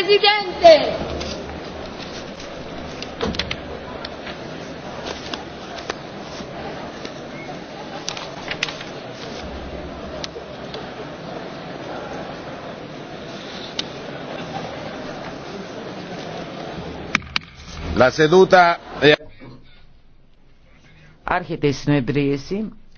Presidente! La seduta è... Άρχεται η